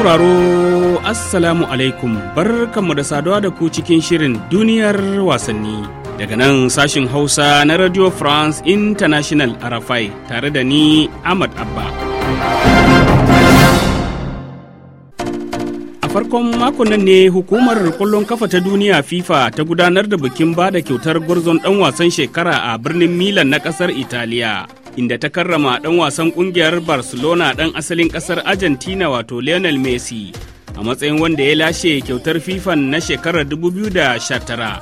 sauraro Assalamu alaikum kanmu da saduwa da ku cikin shirin duniyar wasanni daga nan sashin Hausa na Radio France International Arafai tare da ni Ahmad Abba. A farkon makon nan ne hukumar kwallon kafa ta duniya FIFA ta gudanar da bikin bada kyautar gwarzon dan wasan shekara a birnin Milan na kasar Italiya. inda ta karrama ɗan wasan ƙungiyar Barcelona ɗan asalin ƙasar Argentina wato Lionel Messi a matsayin wanda ya lashe kyautar FIFA na shekarar 2019.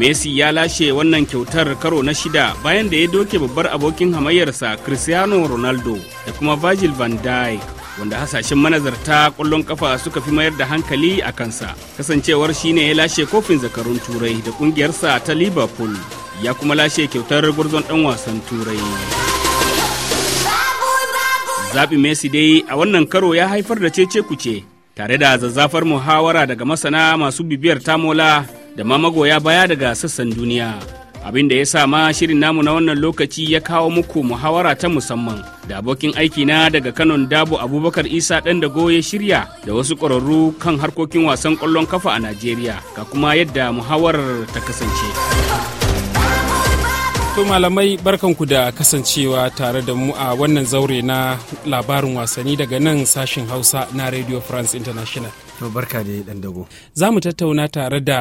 Messi ya lashe wannan kyautar karo na shida bayan da ya doke babbar abokin hamayyarsa Cristiano Ronaldo da kuma Virgil van Dijk wanda hasashen manazarta ƙwallon kafa suka fi mayar da hankali a kansa kasancewar shine ya lashe kofin zakarun turai da ƙungiyarsa ta Liverpool. ya kuma lashe kyautar gwarzon ɗan wasan turai zaɓi messi dai a wannan karo ya haifar da cece kuce tare da zazzafar muhawara daga masana masu bibiyar tamola da ma magoya baya daga sassan duniya abin da ya sa ma shirin namu na wannan lokaci ya kawo muku muhawara ta musamman da abokin aikina daga kanon dabo abubakar isa ɗan dago ya shirya da wasu ƙwararru kan harkokin wasan ƙwallon kafa a najeriya ga kuma yadda muhawarar ta kasance To malamai barkanku da kasancewa tare da mu a wannan zaure na labarin wasanni daga nan sashin Hausa na Radio France International. To barka da dan dago. Za mu tattauna tare da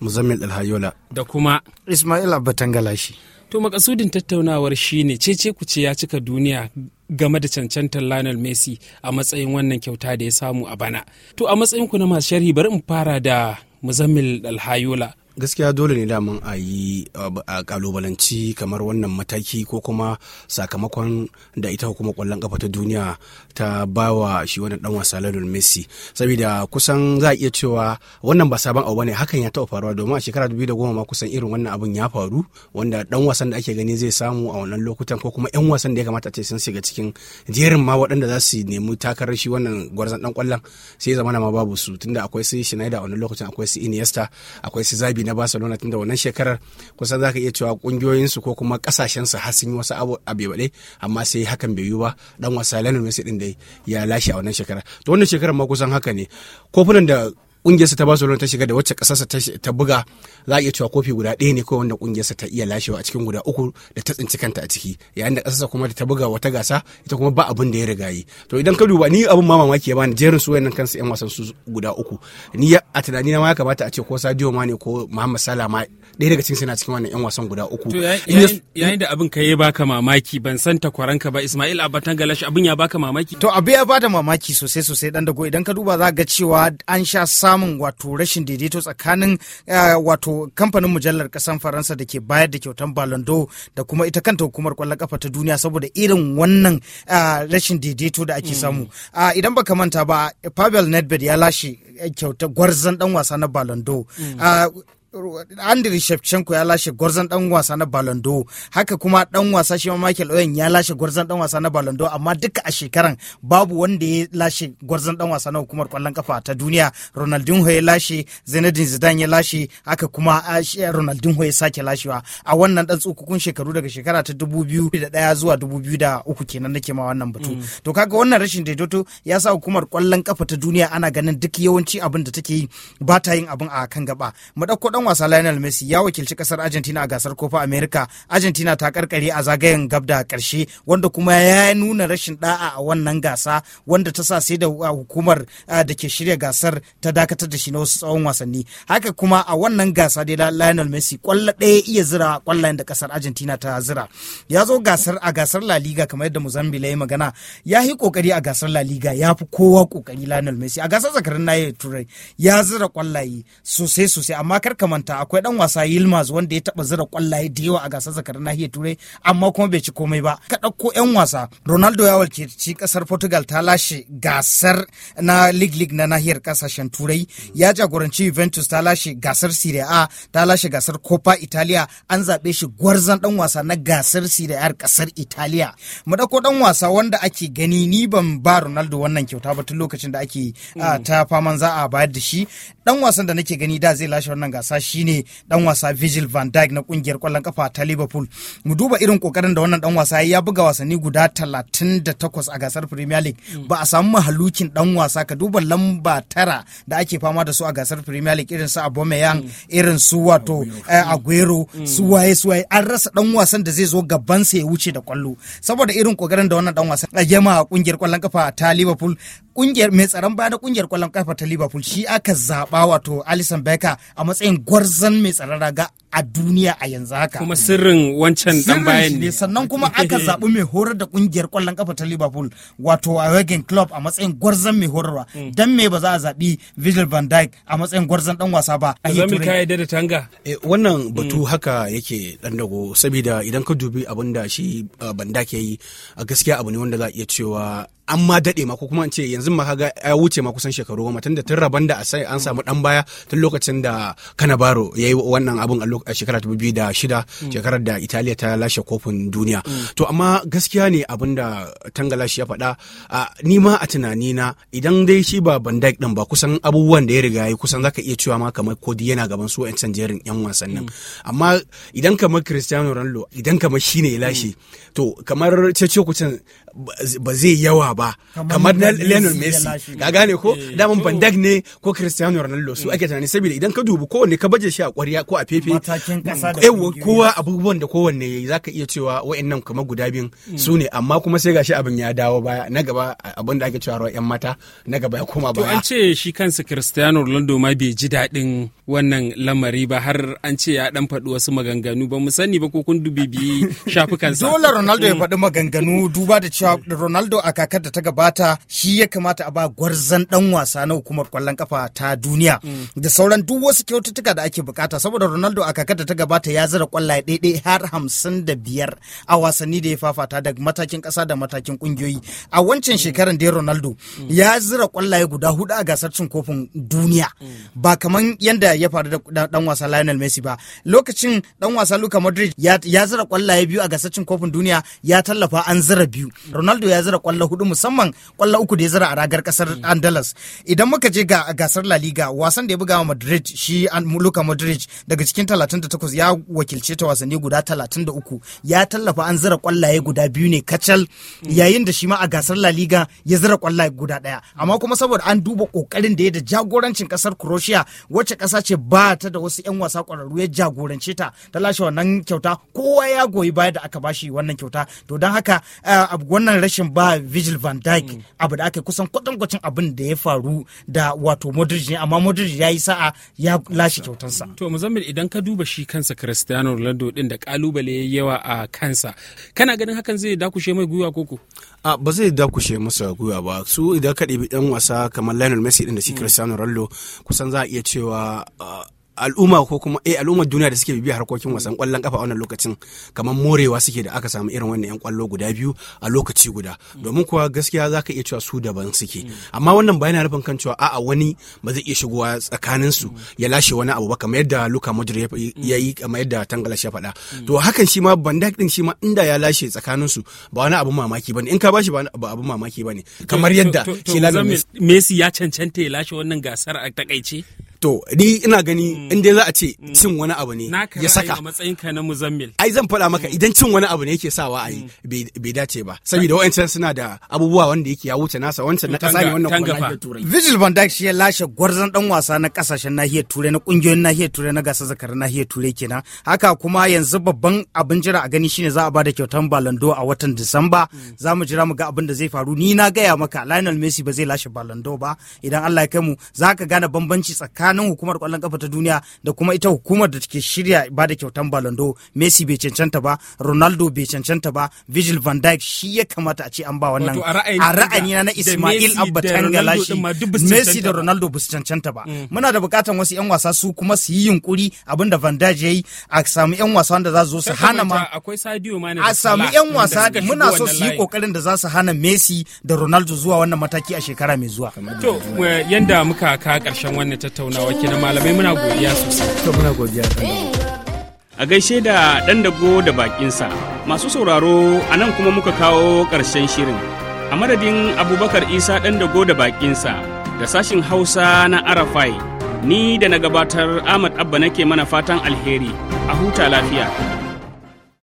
Muzammil Alhayola da kuma Ismail Abatangalashi. To makasudin tattaunawar shine cece ce ya cika duniya game da cancantar Lionel Messi a matsayin wannan kyauta da ya samu a bana. To a matsayin ku na masu sharhi bari in fara da Muzammil Alhayola gaskiya dole ne daman a yi uh, a kalubalanci kamar wannan mataki ko kuma sakamakon da ita hukumar kwallon kafa ta duniya ta bawa shi wannan dan wasa Lionel Messi saboda kusan za a iya cewa wannan ba sabon abu bane hakan ya taɓa faruwa domin a shekara 2010 ma kusan irin wannan abun ya faru wanda dan wasan da ake gani zai samu a wannan lokutan ko kuma yan wasan da ya kamata ce sun shiga cikin jerin ma waɗanda za su nemi takarar shi wannan gwarzon dan kwallon sai zamana ma babu su tunda akwai su Schneider a wannan lokacin akwai su Iniesta akwai su Zabi na barcelona tun da wannan shekarar kusan za ka iya cewa kungiyoyinsu ko kuma su har sun yi wasu abebaɗe amma sai hakan bai yi ba dan wasa lionel messi din da ya lashe a wannan shekarar to wannan shekarar ma kusan haka ne kofunan da kungiyarsa ta Barcelona ta shiga da wacce kasarsa ta buga za a iya cewa kofi guda ɗaya ne kawai wanda kungiyarsa ta iya lashewa a cikin guda uku da ta tsinci kanta a ciki yayin da kasarsa kuma da ta buga wata gasa ita kuma ba abin da ya riga yi to idan ka duba ni abin ma mamaki ya bani jerin su wayannan kansu yan wasan su guda uku ni a tunani na ma ya kamata a ce ko Sadio Mane ko Muhammad Salah ma ɗaya daga cikin suna cikin wannan yan wasan guda uku yayin da abin ka ya baka mamaki ban san takwaranka ba Ismail Abatan Galash abin ya baka mamaki to abin ya bada mamaki sosai sosai dan dago idan ka duba za ga cewa an sha samu samun wato rashin daidaito tsakanin eh, wato kamfanin mujallar kasan faransa da ke bayar da kyautan balando da kuma ita kanta hukumar kwallon kafa ta duniya saboda irin wannan eh, rashin daidaito da ake mm. samu ah, idan baka manta ba pavel nedved ya lashe eh, kyauta gwarzon dan wasa na balando mm. ah, Andriy Shevchenko ya lashe gwarzon dan wasa na Ballon d'Or haka kuma dan wasa shi Michael Owen ya lashe gwarzon dan wasa na Ballon d'Or amma duka a shekaran babu wanda ya lashe gwarzon dan wasa na hukumar kwallon kafa ta duniya Ronaldinho ya lashe Zinedine Zidane ya lashe haka kuma Ronaldinho ya sake lashewa a wannan dan tsukukun shekaru daga shekara ta 2001 zuwa 2003 kenan nake ma wannan batu mm. to kaga wannan rashin daidaito ya sa hukumar kwallon kafa ta duniya ana ganin duk yawanci abin da take yi ba ta yin abin a kan gaba mu dauko dan wasa Lionel Messi ya wakilci kasar Argentina a gasar Copa America. Argentina ta karkare a zagayen gab da karshe wanda kuma ya nuna rashin da'a a wannan gasa wanda ta sa sai da uh, hukumar uh, da ke shirya gasar ta dakatar da shi na wasu tsawon wasanni. Haka kuma a wannan gasa dai Lionel Messi kwallo ɗaya iya zira kwallayen da kasar Argentina ta zira. Ya zo gasar a gasar La Liga kamar yadda Mozambique ya yi magana ya yi kokari a gasar La Liga ya fi kowa kokari Lionel Messi a gasar zakarin na turai ya zira kwallaye sosai sosai amma karka. manta akwai dan wasa Yilmaz wanda ya taba zira kwallaye da yawa a gasar zakarin nahiyar Turai amma kuma bai ci komai ba. Ka dauko 'yan wasa Ronaldo ya ci kasar Portugal ta lashe gasar na League League na nahiyar kasashen Turai ya jagoranci Juventus ta lashe gasar Serie A ta lashe gasar Coppa Italia an zabe shi gwarzan dan wasa na gasar Serie A kasar Italia. Mu dauko dan wasa wanda ake gani ni ban ba Ronaldo wannan kyauta ba tun lokacin da ake ah, mm. ta faman za a bayar da shi dan wasan da nake gani da zai lashe wannan gasa wasa shine dan wasa Virgil van Dijk na kungiyar kwallon kafa ta Liverpool mu duba irin kokarin da wannan dan wasa ya buga wasanni guda 38 a gasar Premier League hmm. ba a samu mahalukin dan wasa ka duba lamba tara da ake fama da su a gasar Premier League irin su Aubameyang hmm. irin su wato eh, Aguero hmm. su waye su waye an rasa dan wasan da zai zo gaban sa ya wuce da kwallo saboda irin kokarin da wannan dan wasa ya ma kungiyar kwallon kafa ta Liverpool kungiyar mai tsaron baya na kungiyar kwallon kafa ta Liverpool shi aka zaba wato Alisson Becker a matsayin gwarzon mai tsaron raga a duniya a yanzu haka kuma sirrin wancan dan bayan ne sannan kuma aka zaɓi mai horar da kungiyar kwallon kafa ta Liverpool wato a wagen club a matsayin gwarzon mai horarwa mm. dan me ba za a zaɓi Virgil van Dijk a matsayin gwarzon dan wasa ba a yi turai da tanga eh, wannan mm. batu haka yake dan dago saboda idan ka dubi abin da shi uh, van Dijk yayi a gaskiya abu ne wanda za a iya cewa an ma daɗe ma ko kuma an ce yanzu ma kaga ya wuce ma kusan shekaru goma tun da tun raban da an samu dan baya tun lokacin da Kanabaro yayi wannan abun a a shekara ta biyu da shida mm. shekarar da italiya ta lashe kofin duniya mm. to amma gaskiya ne abin da tangala shi ya faɗa ni ma a tunanina idan dai shi ba ban dijk din ba kusan abubuwan da ya riga yi kusan zaka iya cewa ma kamar kodi yana gaban su 'yan jerin 'yan wasannin mm. amma idan kamar cristiano ronaldo idan kamar shi ne lashe to kamar cece kucin ba zai yawa ba kamar na Lionel Messi ga gane ko eh, daman Van ne ko Cristiano Ronaldo su ake tunani saboda idan ka dubi kowanne ka baje shi a kwarya ko a fefe matakin kasa da yawa kowa abubuwan da kowanne za zaka iya cewa wayannan kamar guda biyun hmm. su ne amma kuma sai gashi abin ya dawo baya na gaba abin da ake cewa yan mata na gaba ya koma baya to an ce shi kansa Cristiano Ronaldo ma bai ji daɗin wannan lamari ba har an ce ya dan faɗi wasu maganganu ba mu sani ba ko kun dubi dubibi shafukansa dole Ronaldo ya hmm. faɗi maganganu duba da cewa Ronaldo a kakar da ta gabata shi ya kamata a ba gwarzan dan wasa na hukumar kwallon kafa ta duniya hmm. da sauran duk wasu kyaututtuka da ake bukata saboda Ronaldo a kakar da ta gabata ya zira kwallaye daidai har hamsin da biyar a wasanni da ya fafata daga matakin kasa da matakin ƙungiyoyi a wancan mm. shekaran da ronaldo mm. ya zira kwallaye guda hudu a gasar cin kofin duniya mm. ba kamar yadda ya faru da dan wasa lionel messi ba lokacin dan wasa luka madrid ya zira kwallaye biyu a gasar cin kofin duniya ya tallafa an zira biyu ronaldo ya zira kwallaye hudu musamman kwallaye uku da ya zira a ragar kasar andalus idan muka je ga gasar la liga wasan da ya buga wa madrid shi luka madrid daga cikin 38 ya wakilce ta wasanni guda 33 ya tallafa an zira kwallaye guda biyu ne kacal yayin da shi ma a gasar La Liga ya zira kwallaye guda daya amma kuma saboda an duba kokarin da ya da jagorancin kasar Croatia wacce kasa ce ba ta da wasu 'yan wasa kwararru ya jagorance ta ta lashe wannan kyauta kowa ya goyi baya da aka bashi wannan kyauta to don haka eh, wannan rashin ba vigil van Dijk abu da aka kusan kwatankwacin abin da ya faru da wato Modric ne amma Modric ya yi sa'a ya lashe kyautansa to Muzammil idan ka duba duba shi kansa Cristiano Ronaldo din da kalubale ya yawa a kansa kana ganin hakan zai dakushe mai gwiwa koko a ba zai dakushe masa gwiwa ba su idan ka ɗebi ɗan wasa kamar Lionel Messi din da shi mm. Cristiano Ronaldo kusan za a iya cewa al'umma ko kuma eh al'umma duniya da suke bibiya harkokin wasan kwallon kafa a wannan lokacin kamar morewa suke da aka samu irin wannan yan kwallo guda biyu a lokaci guda domin kuwa gaskiya zaka iya cewa su daban suke amma wannan ba yana nufin kan cewa a'a wani ba zai iya shigowa tsakanin su ya lashe wani abu ba kamar yadda Luka Modric ya yi kamar yadda Tangala ya faɗa to hakan shi ma Van Dijk din shi ma inda ya lashe tsakanin su ba wani abu mamaki bane in ka bashi ba abu mamaki bane kamar yadda Messi ya cancanta ya lashe wannan gasar a takaice To ni ina gani mm. in dai za a ce mm. cin wani abu ne ya saka. matsayin ka na muzammil. Ai zan faɗa maka mm. idan cin wani abu ne yake sawa a bai dace ba. Saboda wa'ancan suna da abubuwa wanda yake ya wuce nasa wancan na ƙasa ne wannan kuma nahiyar turai. vigil van Dijk shi ya lashe gwarzan dan wasa na kasashen nahiyar turai na kungiyoyin nahiyar turai na gasar zakarin nahiyar turai kenan. Haka kuma yanzu babban abin jira a gani shine za a bada kyautan Ballon d'Or a watan Disamba. Za mu jira mu ga abin da zai faru. Ni na gaya maka Lionel Messi ba zai lashe Ballon d'Or ba idan Allah ya kai mu za ka gane bambanci tsakanin tsakanin hukumar kwallon kafa ta duniya da kuma ita hukumar da take shirya ba da kyautan d'or messi bai cancanta ba ronaldo bai cancanta ba virgil van dijk shi ya kamata a ce an ba wannan a ra'ayi na ismail abba tangala shi messi da ronaldo ba su cancanta ba mm. muna da bukatan wasu yan wasa su kuma su yi yunkuri abinda van dijk yayi a samu yan wasa wanda za su zo su hana ma akwai sadio a samu yan wasa muna so su yi kokarin da za su hana messi da ronaldo zuwa wannan mataki a shekara mai zuwa to yanda muka ka karshen wannan tattauna nawa kenan malamai muna godiya sosai a gaishe da ɗan dago da bakinsa masu sauraro a nan kuma muka kawo ƙarshen shirin a madadin abubakar isa ɗan dago da bakinsa da sashin hausa na arafai ni da na gabatar ahmad abba nake mana fatan alheri a huta lafiya